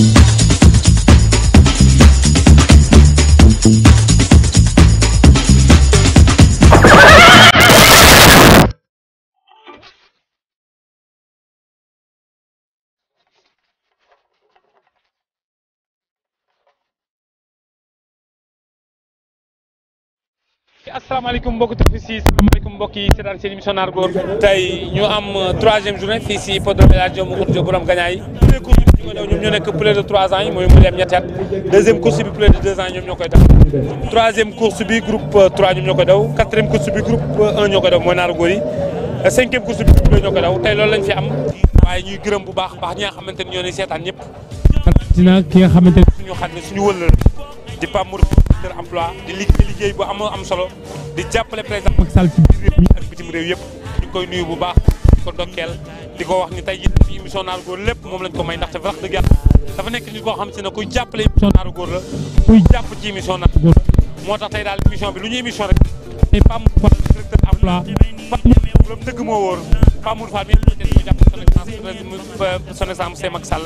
Thank you. salaamaaleykum mbokki Tafis si salaamaaleykum mbokk yi seetaan seen émission naar góor tey ñu am euh, troisième journée fii si hippodrome El Hadj Diop Macoumba borom ñoo nekk plus de trois ans yi mooy mu dem ñetti at deuxième course bi plus de deux ans ñoom ñoo koy daw. troisième course bi groupe euh, trois ñoom ñoo koy daw euh, mooy naar yi cinquième course bi groupe ñoo koy daw tey loolu lañ fi am. waaye ñuy gërëm bu baax baax ñi xamante ni ñoo ne seetaan ñëpp. dina ki nga xamante ni suñu xam ne suñu wëllëg di di liggéey liggéey bu am di jàppale président Macky Sall ci biir réew mi ak bitim réew yëpp ñu koy nuyu bu baax di ko ndokkeel di ko wax ni tey jii ci émission naaru góor lépp moom lañ ko may ndaxte wax dëgg yàlla dafa nekk nit koo xam si ne kuy jàppale émission naaru góor la kuy jàpp ci émission naaru góor moo tax tey daal émission bi lu ñu émission rek tey Pape Mour Fall directeur emploi Pape dëgg moo wóor Pape Mour Fall mi ñu jàpp son exemple c'est Macky Sall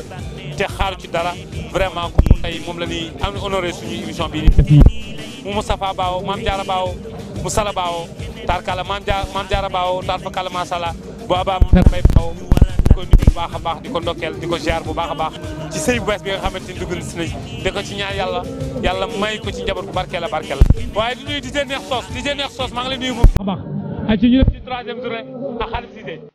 te xaaru ci dara vraiment comme tey moom la ñuy am honoré suñu émission bi ni mu Moustapha Bao Mame Diarra Bao Musala Baawo tarkala Maam Dia Maam Diarra Baawo taar fa kala masala bu abaa Père Mbaye Baawo di ko nuyu bu baax a baax di ko ndokkeel di ko ziar bu baax a baax ci sëy bu bees bi nga xamante ni dugg si nañ di ko ci ñaan yàlla yàlla may ko ci njaboot bu barkeel a barkeel la waaye di nuyu di jëneex soos di jëneex soos maa ngi lay nuyu bu baax a baax ay ci ñu def ci troisième journée ak xaalis Cissé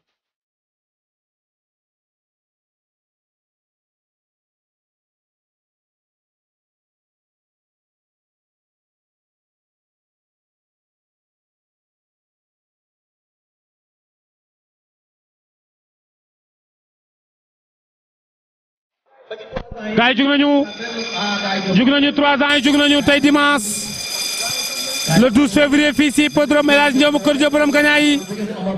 gars yi jug nañu jug nañu trois ans yi jug nañu tey dimanche le 12 février fii si hippodrome El Hadj Kër Diop borom gañaay yi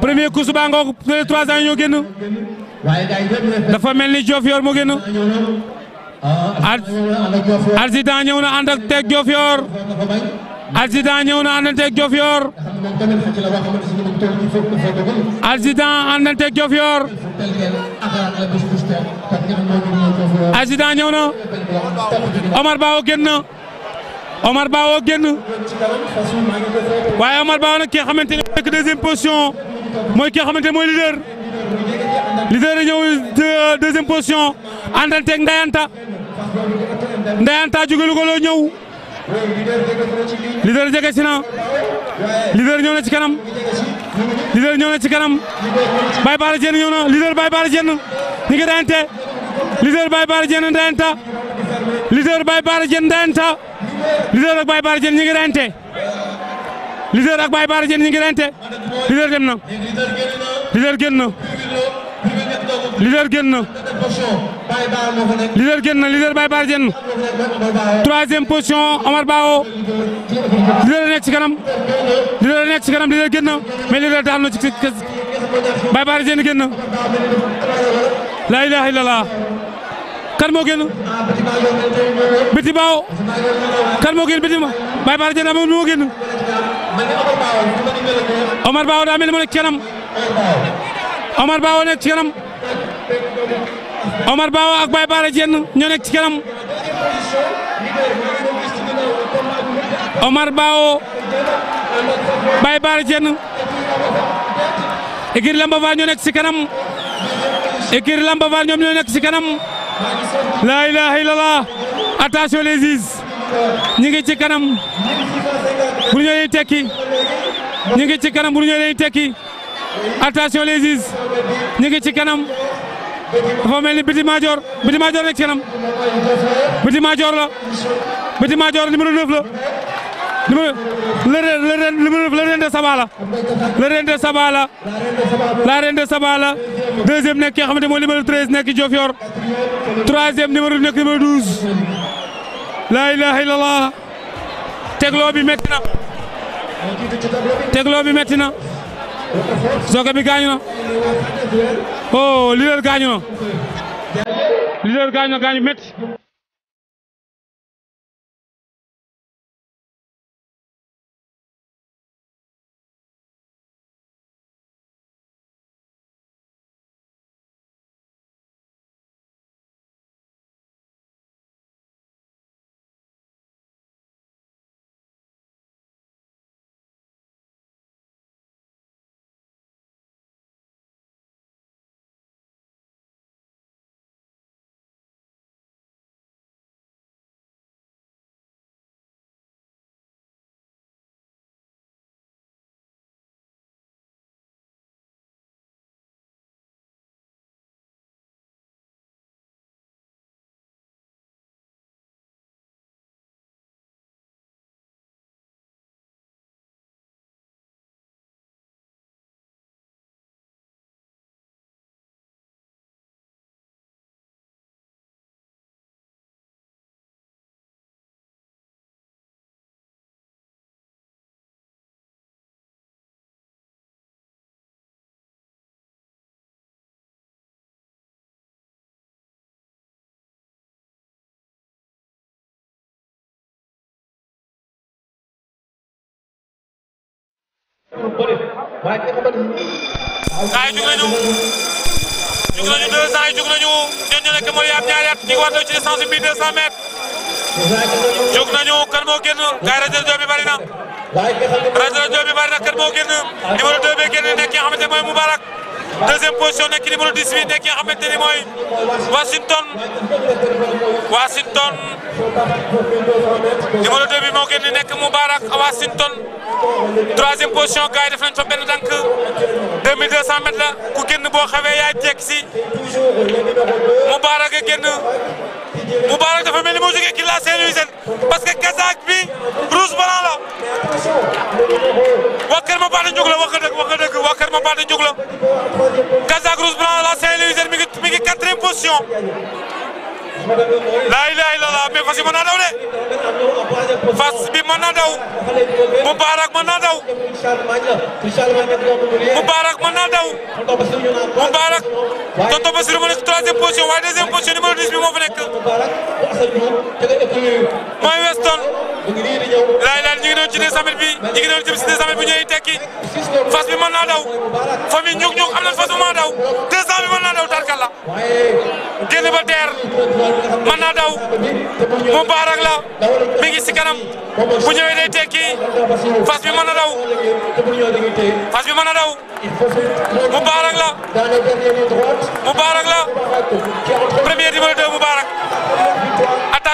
premier course ba ngoog les trois ans yi ñoo génn dafa mel ni Diofior moo génn ar arsident ñëw na ànd ak teg accident ñëw na àndanteeg Diofior accident àndanteeg Diofior accident ñëw na Omar Bawo génn génn waaye Omar Bawo nag ki nga xamante ne mooy deuxième position mooy ki nga xamante ne mooy leader leader yi ñëw euh, deuxième position àndanteeg Ndayanta Ndayanta jóge Louga la ñëw. leader jege si na leader ñëw na ci kanam leader ñëw na ci kanam Baye Bara Diène ñëw na leader Baye Bara Diène ñu ngi dayante leader Baye Bara Diène dayanta leader Baye Bara Diène dayanta leader ak Baye Bara Diène ñu ngi dayante leader ak Baye Bara Diène ñu ngi dayante leader dem na leader génn na leader génn na leader génn na position Omar Bao leader nekk ci kanam leader nekk ci kanam leader génn na mais leader daal na ci laa ilaaha illallah kan moo génn Biti Bao kan Biti ma Baye Baar génn mel ni mu Omar Bawo ak Baye Bara Diène ñoo ci kanam Omar Bawo bay Bara Diène écurie Lambaval ñoo nekk ci kanam écurie Lambaval ñoom ñoo nekk ci kanam la ilaha illallah attention les is ñi ngi ci kanam bu ñoo tekki ñi ngi ci kanam bu ñoo tekki attention les is ñi ngi ci kanam dafa mel ni Biti Madior Biti Madior nekk ci Biti Madior la Biti Madior numéro 9 la numéro le reine numéro le reine de Sabala le reine de Sabala la reine de Sabala deuxième nekk ki nga xamante mooy numéro 13 nekk Diofior troisième numéro nekk numéro 12 la ilaha illallah tegloo bi métti na tegloo bi métti na soog bi gaañu na. oh li leen gaañu na li leen gaañu na gaañu métti saa yu jug nañu jug nañu deux cent yi jug nañu ñoom ñu nekk mooy ab ñaari at ñu war ci distance bi deux cent mètres jug nañu kan moo génn gaay rajo Diop bi bari na rajo Diop bi bari na kan moo génn numéro deux bi génn nekk ki nga xamante ne mooy Moubarak deuxième position nekk numéro 18 nekk ki nga xamante ni Washington Washington numéro 2 bi moo gën nekk Moubarak Washington troisième position gars yi def nañ fa benn tànk 2200 mètres la ku génn boo xawee yaay jekk si Moubarak a génn Moubarak dafa mel ni moo jógee la saint parce que kasaak bi rouge blanc la waa ma baata njug la position laa ilaaha illallaah mais fas yi mën naa daw de fas bi naa daw Moubarak mën naa daw Moubarak mën naa daw Moubarak Tonton Bassirou mu nekk troisième position moo fa nekk mooy Weston laay laal ñu ngi doon ci des samit bi ñu ngi doon jëm si des samit bi ñooy tekki fas bi mën naa daw famille ñuk ñuk am na fas bu mën a daw 200 bi mën naa daw tarkal la génn ba teer mën naa daw mu baarak la mi ngi si kanam bu ñëwee day tekki fas bi mën na daw fas bi mën na daw mu baarak la mu baarak la premier numéro 2 mu baarak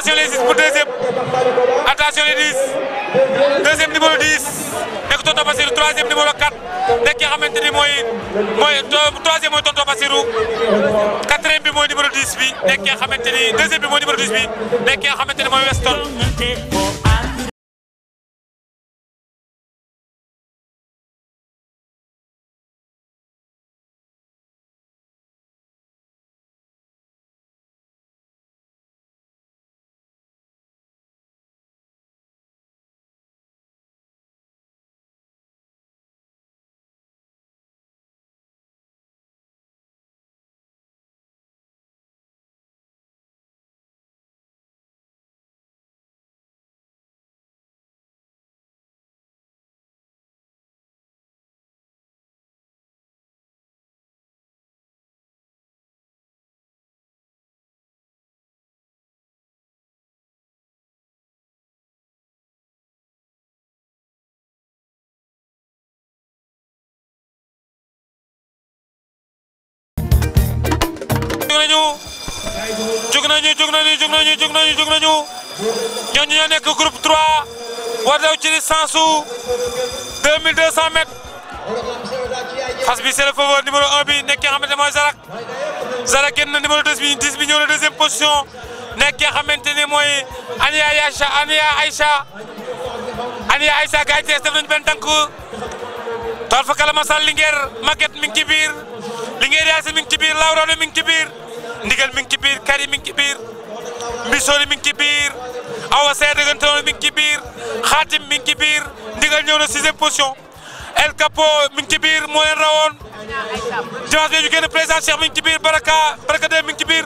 attention les 10 pour deuxième attention les 10 deuxième numéro 10 nekk Tonton Basirou troisième numéro 4 nekk ki nga xamante ni mooy mooy troisième mooy Tonton Basirou quatrième bi mooy numéro 10 bi nekk ki nga xamante ni deuxième bi mooy numéro 10 bi nekk ki nga xamante mooy Weston. nañu jug nañu jug nañu jug nañu jug nañu jug nañu ñooñu ñoo nekk groupe 3 war daw ci distance su 2200 mètres fas bi c'est le favori numéro 1 bi nekk ki nga xamante ne mooy Zarak Zarak génn na numéro 10 bi 10 bi ñëw na deuxième position nekk ki nga xamante ne mooy Ania Aïcha Ania Aïcha Ania Aïcha gars yi def nañu benn tànk tool fa kala masal Linguère Maguette mi ngi ci biir Linguère Yacine mi ngi ci biir Lawrano mi ngi ci biir. ndigal mi ngi ci biir kari mi ngi ci biir mbisooli mi ngi ci biir awa seer dëggantewoon mi ngi ci biir xaatim mi ci biir ndigal ñëw na sixième position El Capo mi ngi ci biir moo leen rawoon dimanche bi ñu génn président mi ngi ci biir Baraka Baraka de mi ngi ci biir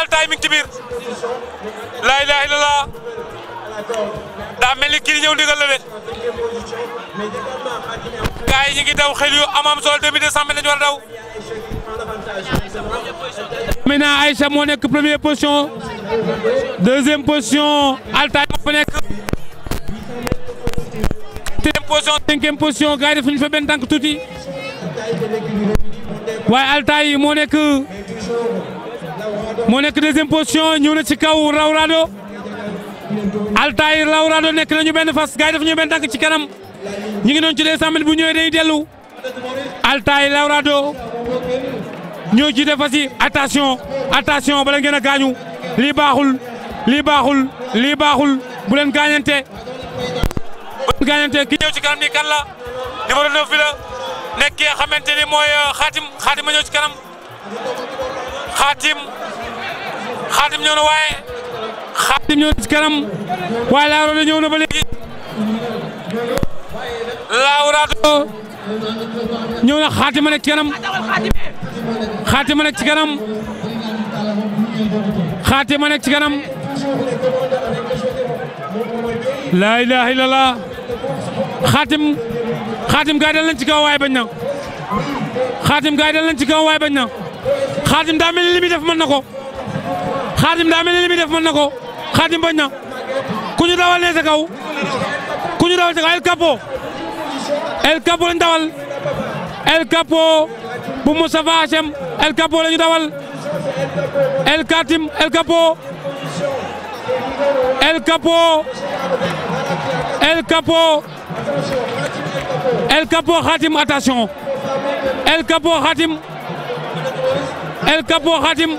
Altaay mi ngi ci biir laa daa mel ni kii ñëw ndigal la de gars yi ñu ngi daw xel yu am am solo 2200 mètres may Amina Aïcha moo nekk premier possion deuxième position Altaï moo nekk quatrième position cinquième position gars yi defuñu fa benn tànk tuuti waaye Altaï moo nekk moo nekk deuxième position ñëw na ci kaw raw Rawrado Altaï Rawrado nekk ñu benn fas gars yi defuñu benn tànk ci kanam ñu ngi noon ci 200 mètres bu ñëwee day dellu Altaï Rawrado ñoo jiite fas yi attention attention ba leen gën a gaañu lii baaxul lii baaxul lii baaxul bu leen gaañante bu gaañante ki ñëw ci kanam nii kan la numéro 9 bi la nekk ki nga xamante ni mooy xaatim xaatim ma ci kanam xaatim xaatim ñëw na waaye xaatim ñëw na kanam waaye laaw raado na ba léegi ñëw na xaatima ci kanam xaatima nekk ci kanam xaatima nekk ci kanam laa ilaaha illallah xaatim xaatim gaay dal ci kaw waay bañ na xaatim gaay dal ci kaw waay bañ na xaatim daa mel ni li muy def mën na ko xaatim daa mel ni li def mën na ko xaatim bañ na kuñu ñu dawal ne sa kaw ku ñu dawal sa kaw El Capo El Capo lañ dawal El Capo bu Moustapha El Capo lañu dawal El Katim El Capo El Capo El Capo El Capo Khatim attention El Capo Khatim El Capo Khatim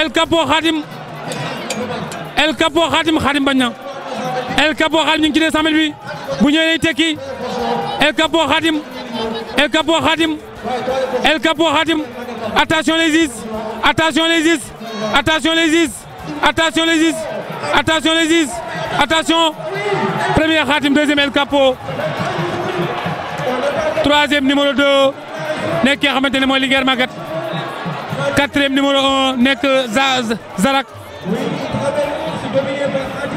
El Capo Khatim El Capo Khatim Khatim El Capo Khatim ñu ngi ci des samel bi bu ñëwee day tekki El Capo Khadim El Capo Khadim El Capo Khadim attention les is attention les is attention les is attention les is attention les is attention premier Khadim deuxième El Capo troisième numéro 2 nekk ki nga xamante ne mooy Linguère Maguette quatrième numéro 1 nekk Zarak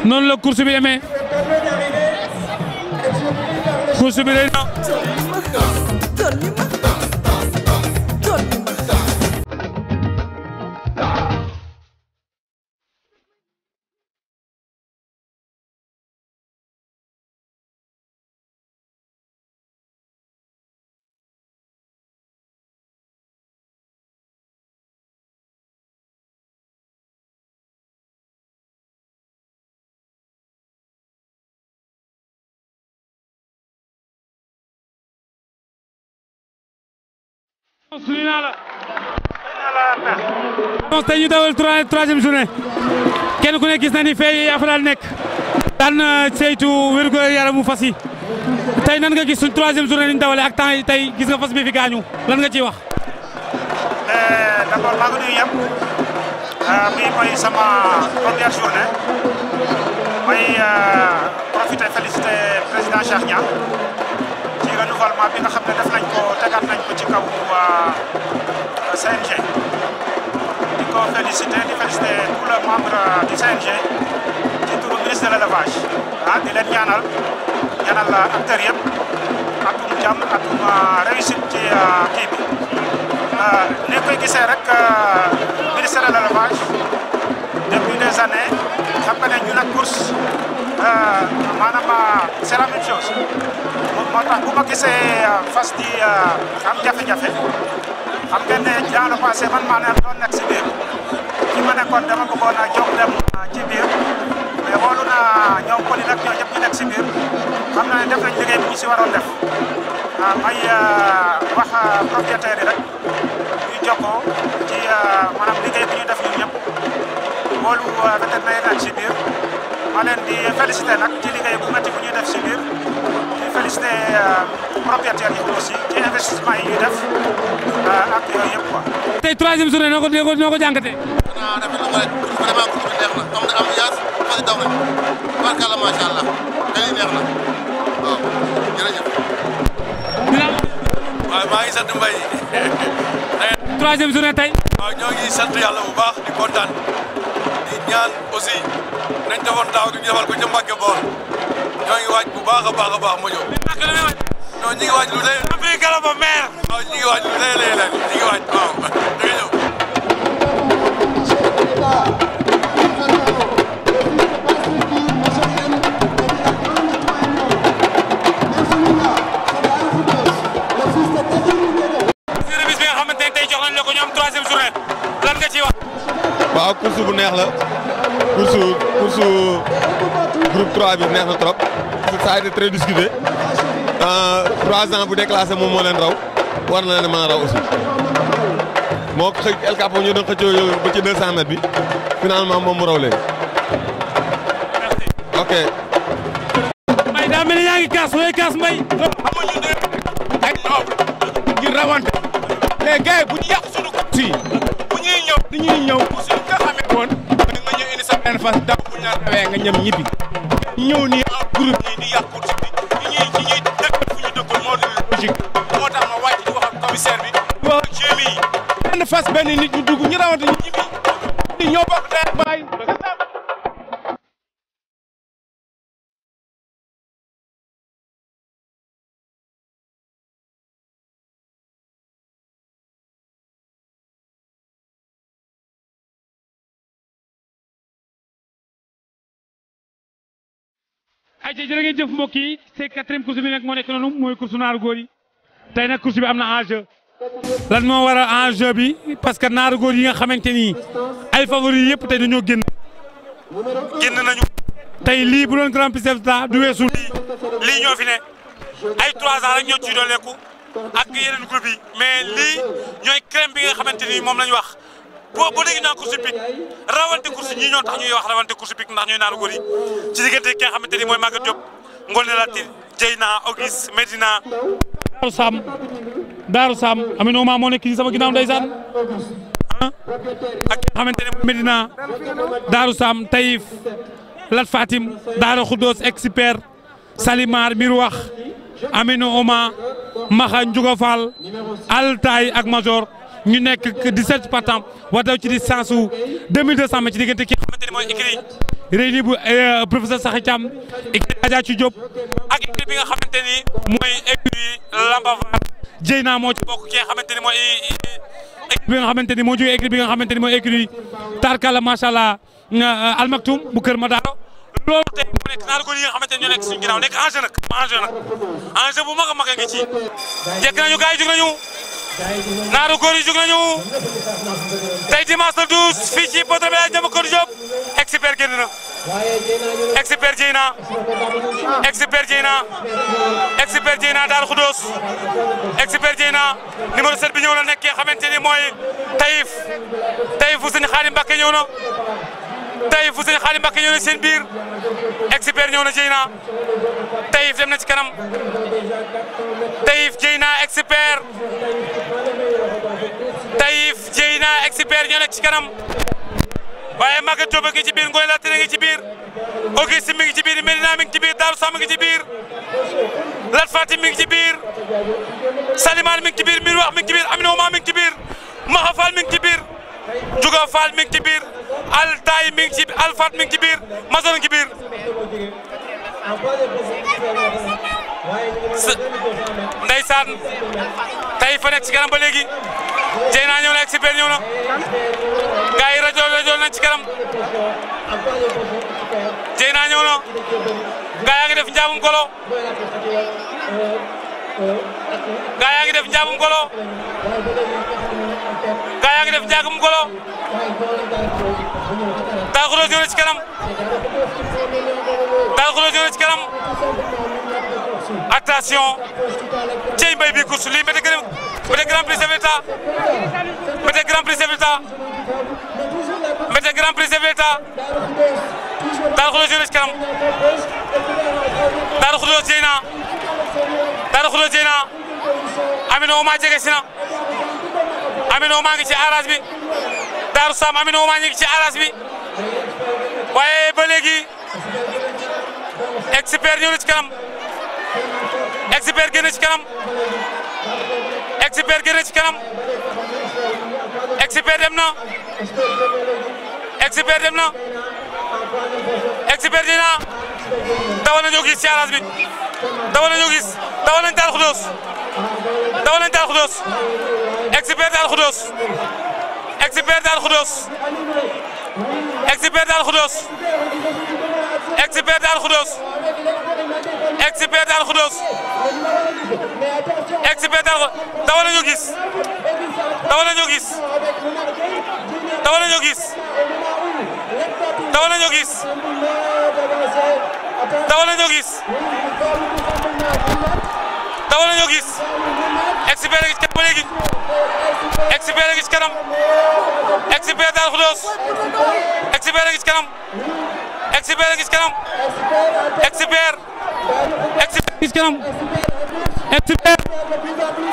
noonu la course bi demee. kursu bi rëy na suñu naa la. donc ñu dawal trois journée kenn ku ne gis na ni fee yaa nekk. daan saytu wérgu yaramu fas yi tey nan nga gis suñ troisième journée ni ñu ak temps yi tey gis nga fas bi fi gaañu lan nga ciy wax. Eh, d' abord maa ngi euh, mooy sama première journée may euh, profité félicité président Cheikh bi nga xam ne def nañ ko tegaat nañ ko kaw waa CNG di ko féliciter di féliciter tous les membres du CNG ci turu ministre de l'élevage ah di leen ñaanal ñaanal acteurs yëpp atum jàmm euh, réussite ci euh, kii bi euh, ni koy gisee rek ministre de l'élevage depuis des années xam nga ne ñu course maanaam c'est la moo tax bu ma gisee euh, fas di euh, am jafe-jafe xam ngeen ne daanu man maa ne nekk si biir ma nekkoon dama bëggoon a jox dem euh, ci biir mais xoolu naa ñoom poli nag ñoo ñëpp ñu nekk si biir xam naa ne def nañ liggéey bu ñu si waroon ñu jokkoo ci maanaam liggéey bu ñu def ñun ñëpp ma leen di félicité nag ci bu métti gis ne euh, propriétaire yi aussi ci investissement yi ñuy def euh, ak yooyu yëpp quoi. tey troisième journée noo ko noo ko jàngatee. ah rafetlu ko rek vraiment guddi bi neex na am na ambiance fas daw nañu barkalla macha allah dañuy neex na waaw jërëjëf. waaw maa ngi sant Mbaye. troisième journée tey. waaw ñoo ngi sant yàlla bu baax di kontaan di ñaan aussi nañ defoon daaw gi ñu defal ko ca Mbacke Bor. ñoo ngi waaj bu baax a baax a baax ma ñëw. non ñu ngi waaj lu dee. am nañu gàllankoor meer. waaw ñu ngi waaj lu dee lee leen ñu ngi waaj waaw da nga ñëw. waaw course bu neex la course course groupe 3 bi neex na trop ça a été très discuté euh, trois ans bu déclassé moom moo leen raw war na leen mën a raw aussi moo xëy El Capo ñu doon xëccoo yow ba ci 200 bi finalement moom mu raw leen. ok. Mbaye daa mel ni ngi kaas wala kaas Mbaye. amuñu ne ay rawante mais gars bu ñu yàq suñu kott bu ñuy ñëw dañuy ñëw bu suñu ko xamee woon. da ñëw indi sa benn fas daw bu ñu a rawee nga ñëm ñibbi. ñëw nii en groupe yi di yàqu ci bi ñi ñuy ñi ñuy dëkkal fu ñu dëkkul moo dul logique moo tax ma wàcc di wax ak commissaire bi wax benn fas benn nit ñu dugg ñu rawante ñu ñibbi ñoo bokk ayca jërë ngeen jëf mbokk yi c'est quatrième course bi nag moo nekk noonu mooy course naaru góor yi nag course bi am na enjeu lan moo war a bi parce que naaru góor yi nga xamante ni ay favori yëpp tey dañoo génn génn nañu tey lii bu doon grand prix la du weesu lii ñoo fi ne ay trois ans rek ñoo ciy dooleeku ak yeneen groupe yi mais lii ñooy crème bi nga xamante ni moom lañu wax boo ba léegi naan course hippique rawante course ñii ñoo tax ñuy wax rawante course hippique ndax ñooy naan góor ci diggante ki nga xamante ni mooy Maguette Diop Ngoné Latir Dieyna Auguste Medina. Daaru Sam Daaru moo nekk Sam Taïf Lat Fatim Daara Khoudoss Expert Salimar Mirouax Amina Ouma Maxa Ndiouga Altay ak Major. ñu nekk 17 partants war daw ci distance su 2200 mètres ci diggante ki nga xamante ni mooy écrit réuni bu euh, professeur Sakhi Thiam écrit Adja Diop ak écrit ni moo ci bokk ki nga xamante ni mooy écrit bi nga xamante ni moo jógee écrit bi nga xamante ni Tarkala macha allah euh, euh, Almaktoum bu Kër Madaro loolu tey mu nekk naar ko yi nga xamante ne ñoo nekk suñu ginnaaw nekk enjeu nag enjeu nag bu mag a mag a jekk nañu gars yi nañu naaru góor yi jug nañu tey dimanche le 12 fii ci poteau bi laaj ko Diop expert génn na expert jëy na expert jëy na expert jëy na Daaru Xudoos expert jëy na numéro 7 bi ñëw na nekk ki nga xamante ni mooy Taïf Taïf bu sëñ Xaadim Mbàkke ñëw na. tey fu sëñ Xaadim Mbàkke ñëw na seen biir expert ñëw na Jeyna tayif dem na ci kanam tayif Jeyna expert tayif Jeyna expert ñoo nekk ci kanam waaye Maguette Diop a ngi ci biir Ngoy Latina ngi ci biir Auguste mi ngi ci biir Medina mi ngi ci biir Daaru Sam mi ngi ci biir Lat Fati ngi ci biir Salimane mi ci biir Mirwax mi ngi ci biir Amina Ouma mi ngi ci biir Maxa Fall mi ci biir Juga Fall mi ngi ci biir Al Tay mi ngi ci Al Fat mi ngi ci biir Masal mi ngi ci biir. Ndeysaan tey fa nekk ci kanam na ak Super ñëw na gars yi ci kanam Dieyna ñëw na gars yaa ngi def njaamum golo. gaa yaa ngi def njaagum golo gaa yaa ngi def njaagum golo Daaru Xudoos yoona ci kanam Daaru Xudoos yoona ci kanam attention cey mbay bi course lii mbete grand prix chef d'état grand prix chef d'état mbete grand prix chef d'état Daaru Xudoos yoona ci kanam Daaru Xudoos jëy na Daaru Xudoos jëy naa Amina Ouma jege si na Amina Ouma ngi ci arage bi Daaru Sam Amina Ouma ngi ci arage bi waaye ba léegi expert ñëw na ci kanam expert génn ci kanam expert génn ci kanam expert dem na expert dem na expert dawa nañoo gis ci arrêt bi gis dawa nañ Daaru Xudoos dawa nañ Daaru Xudoos expert Daaru Xudoos expert Daaru Xudoos expert Daaru Xudoos expert Daaru Xudoos expert Daaru gis dawa nañoo gis gis dawa nañoo dawal nañu gis dawal nañu gis expert gi ca léegi expert gi ci kanam expert daal xudoos expert gi ci kanam expert gi ci kanam expert expert gi ci kanam expert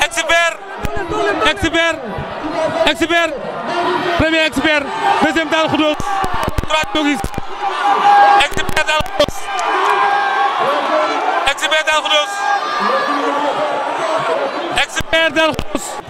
expert expert expert premier expert deuxième daal xudoos droite ñoo gis Exibet Daaru Xudoos Exibet Daaru Xudoos Exibet Daaru Xudoos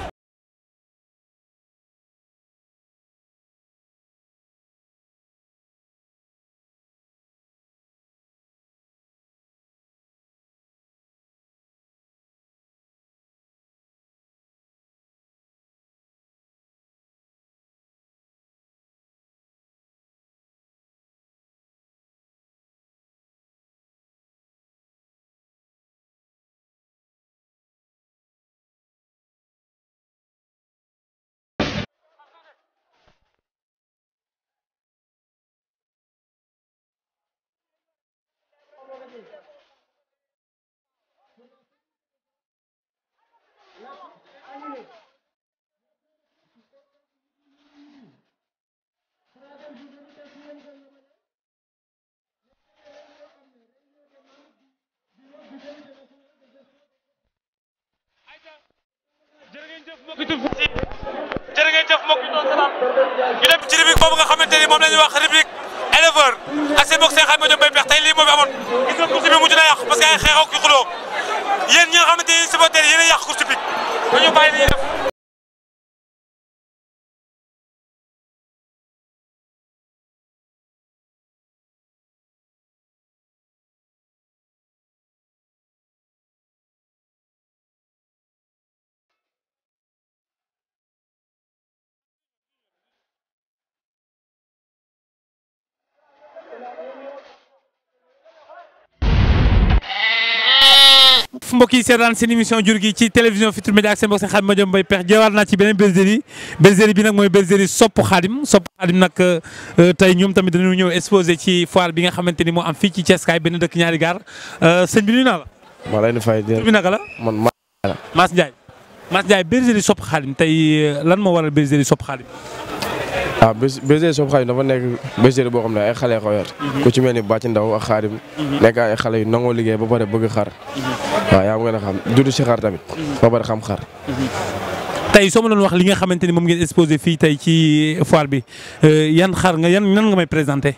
jërë ngeen jëf mbokk yi doon seetaan ñu dem ci rubrique boobu nga xamante ni moom la ñuy wax parce que ay xeexoo ki xuloo yéen ñi nga xamante ne supporter yéen a yàq course hippique dañu bàyyi li ñuy mbokk yi seetaan seen émission jur gi ci télévision Futurs Médias ak seen mbokk seen xarit Madiame Mbaye Pekh jëwaat naa ci beneen bergerie bergerie bi nag mooy bergerie sopp xaadim sopp nag euh, euh, tey ñoom tamit dañu ñëw exposé ci foire bi nga xamante ni moo am fii ci Thiès kaay benn dëkk ñaari gaar euh, sëñ bi nuyu naa la. maa lay fay jërëjëf bi naka la man Mass Ndiaye la. Mass Ndiaye Mass Ndiaye bergerie sopp xaadim tey lan moo waral bergerie sopp xaadim waaw ah, bés bés soobu xaadim dafa nekk bés boo xam ne ay xale ko yor mhm. ku ci mel ni bàcc ndaw ak xaadim mhm. nekk ay xale yu nangoo liggéey ba pare bëgg xar mhm. waaw yaa ngi a xam dudd si xar tamit ba pare xam xar tey soo ma doon wax li nga xamante ni moom ngeen exposé fii tey ci foire bi euh, yan xar nga yan nan nga may présenté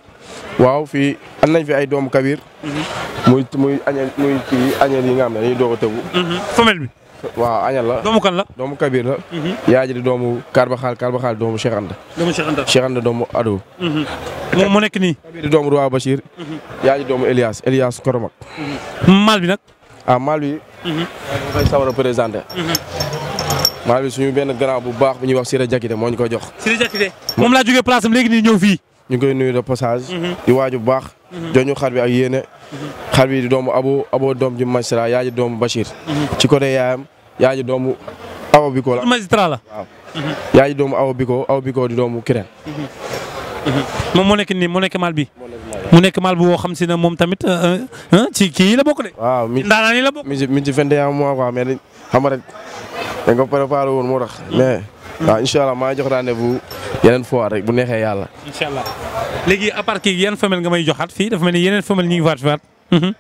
waaw fii am nañ fi ay doomu kabir muy muy añel muy yi nga xam ne dañuy doo a tëbu femelle bi waaw añal la doomu kan la doomu Kabir la. Mhm. yaa ji di doomu Karbaxaal Karbaxaal doomu Cheikh Anta. doomu Ado. mu mhm. nekk ni Kabir di doomu Roi Bachir. Mhm. yaa ji doomu Elias Elias Koromak. maal bi nag. ah maal bi. suñu benn grand bu baax bu ñu wax Siré Jakite moo ñu ko jox. Siré Jakite moom laa jógee place am léegi nii ñëw ñu koy nuyu de passage. di waaj bu baax. joñu xar bi ak yéene xar bi di doomu abo doom ji magistrat yaa doomu Bachir ci côté yaayam yaa ji doomu awo biko la magistrat la waaw doomu awo biko di doomu Kirène moom moo nekk nii moo nekk mal bi mu nekk mal bu woo xam si ne moom tamit euh, euh, ci kii yi la bokk de ndaanaan yi la bokk mi ci mi ci vingt et un mois quoi nga rek woon moo tax mais waaw incha allah maa jox rendez-vous yeneen fois rek bu neexee yàlla. incha allah léegi à partir yan femelle nga may joxaat fii dafa mel ni yeneen femelle ñu ngi faat faat. Mhm.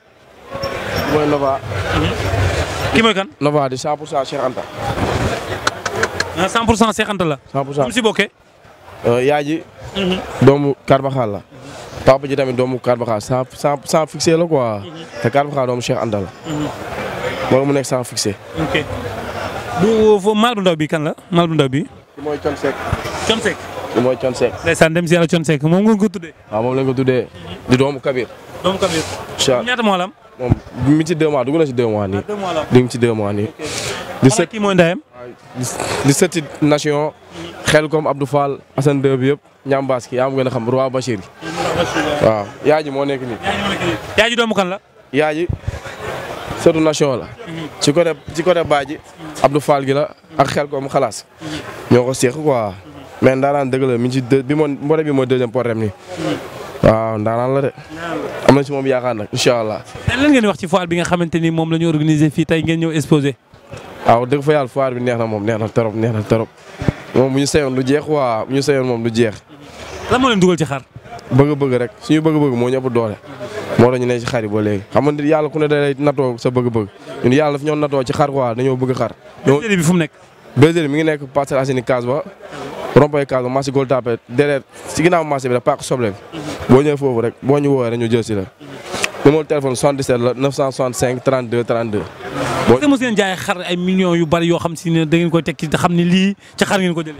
mooy Nova. Mhm. ki mooy kan. Nova di cent pour cent Cheikh la. 100 ah, pour cent mu si bokkee. Euh, yaay ji. Mhm. doomu Carbaxal la. papa ji tamit doomu Carbaxal sans la quoi. mu nekk sans fixé. du maal bu ndaw bi kan la maal bu ndaw bi. ki mooy Thione Seck. Thione Seck. ki mooy Thione Seck. ndeysaan dem moom nga ko tuddee. waaw moom la ko tuddee. di doomu Kabir. doomu Kabir. incha ñaata moo la am. moom mi ngi ci deux mois dugg na ci deux ah, di sët kii mooy ndeyam. di sëti nation. xel comme Abdou Fall Assane Dëb bi yëpp ñambaas yaa am gën a xam Roi Bachir. waaw moo nekk nii. yaa ji kan la. sëtu nation la. ci côté ci côté Badji. Abdou Fall gi la ak xel koom xalaas. ñoo ko seq quoi. mais ndaanaan dëgg la mi ngi ci bi ma mboolem bi moo deuxième problème nii. waaw ndaanaan la de. am na ci moom yaakaar nag incha allah. lan wax ci foire bi nga xamante ni moom la ñu organisé fii tey ngeen ñëw exposé. waaw dëgg fa yàlla foire bi neex na moom neex na trop neex na trop moom bu ñu seyoon du jeex waa bu ñu seyoon moom du jeex. lan moo leen dugal ci xar. bëgg-bëgg rek si bëgg-bëgg moo ñëpp doole. moo tax ñu ne ci xar yi ba léegi xam nga yàlla ku ne day natoo sa bëgg-bëgg foofu rek boo ñu woowee rek ñu jël si la. numéro téléphone 77 la 965 32 32. ay millions yu bari yoo xam si ne da ngeen koy xar ko jëlee.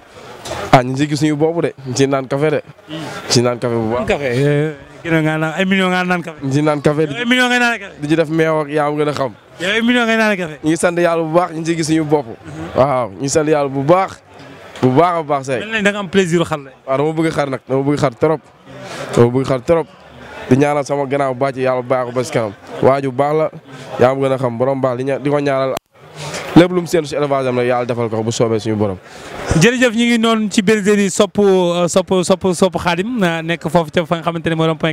ah ñu ngi si gis suñu boobu de ñu naan café de. Hmm. ñu naan café bu baax. Eh, eh. gën nga naan ay di di def meew ak yaa a xam. yow ay millions ngay naan café. ñu bu baax ñu ngi ciy gis waaw ñu ngi sant yàlla bu baax. bu baax a baax say. mel da am plaisir xar la. waaw dama bëgg xar nag dama bëgg xar trop. dama bëgg xar trop. di ñaanal sama gannaaw bàcc yàlla baax ko ba si kanam. waaju baax la yaa gën a xam borom baax di ñaanal lépp lu mu séntu si élevage am rek yàlla defal ko bu soobee suñu borom. jërëjëf ñu ngi noonu ci bergerie euh, sopp sopp sopp sopp xaadim euh, nekk foofu ca fa nga xamante ne mooy rond-point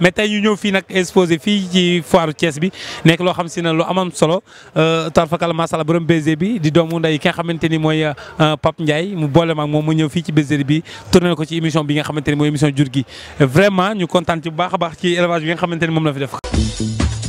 mais tey ñu ñëw fii nag exposé fii ci foire Thiès nekk loo xam si ne lu amam solo euh, tarfakal masala borom bergerie bi di doomu nday ki nga xamante ni mooy Pape Ndiaye mu boole maag moom mu ñëw fii ci bergerie bi tourné ko ci émission bi nga xamante ni mooy émission jur gi vraiment ñu kontaan ci bu baax baax ci élevage bi nga xamante ni moom la fi def.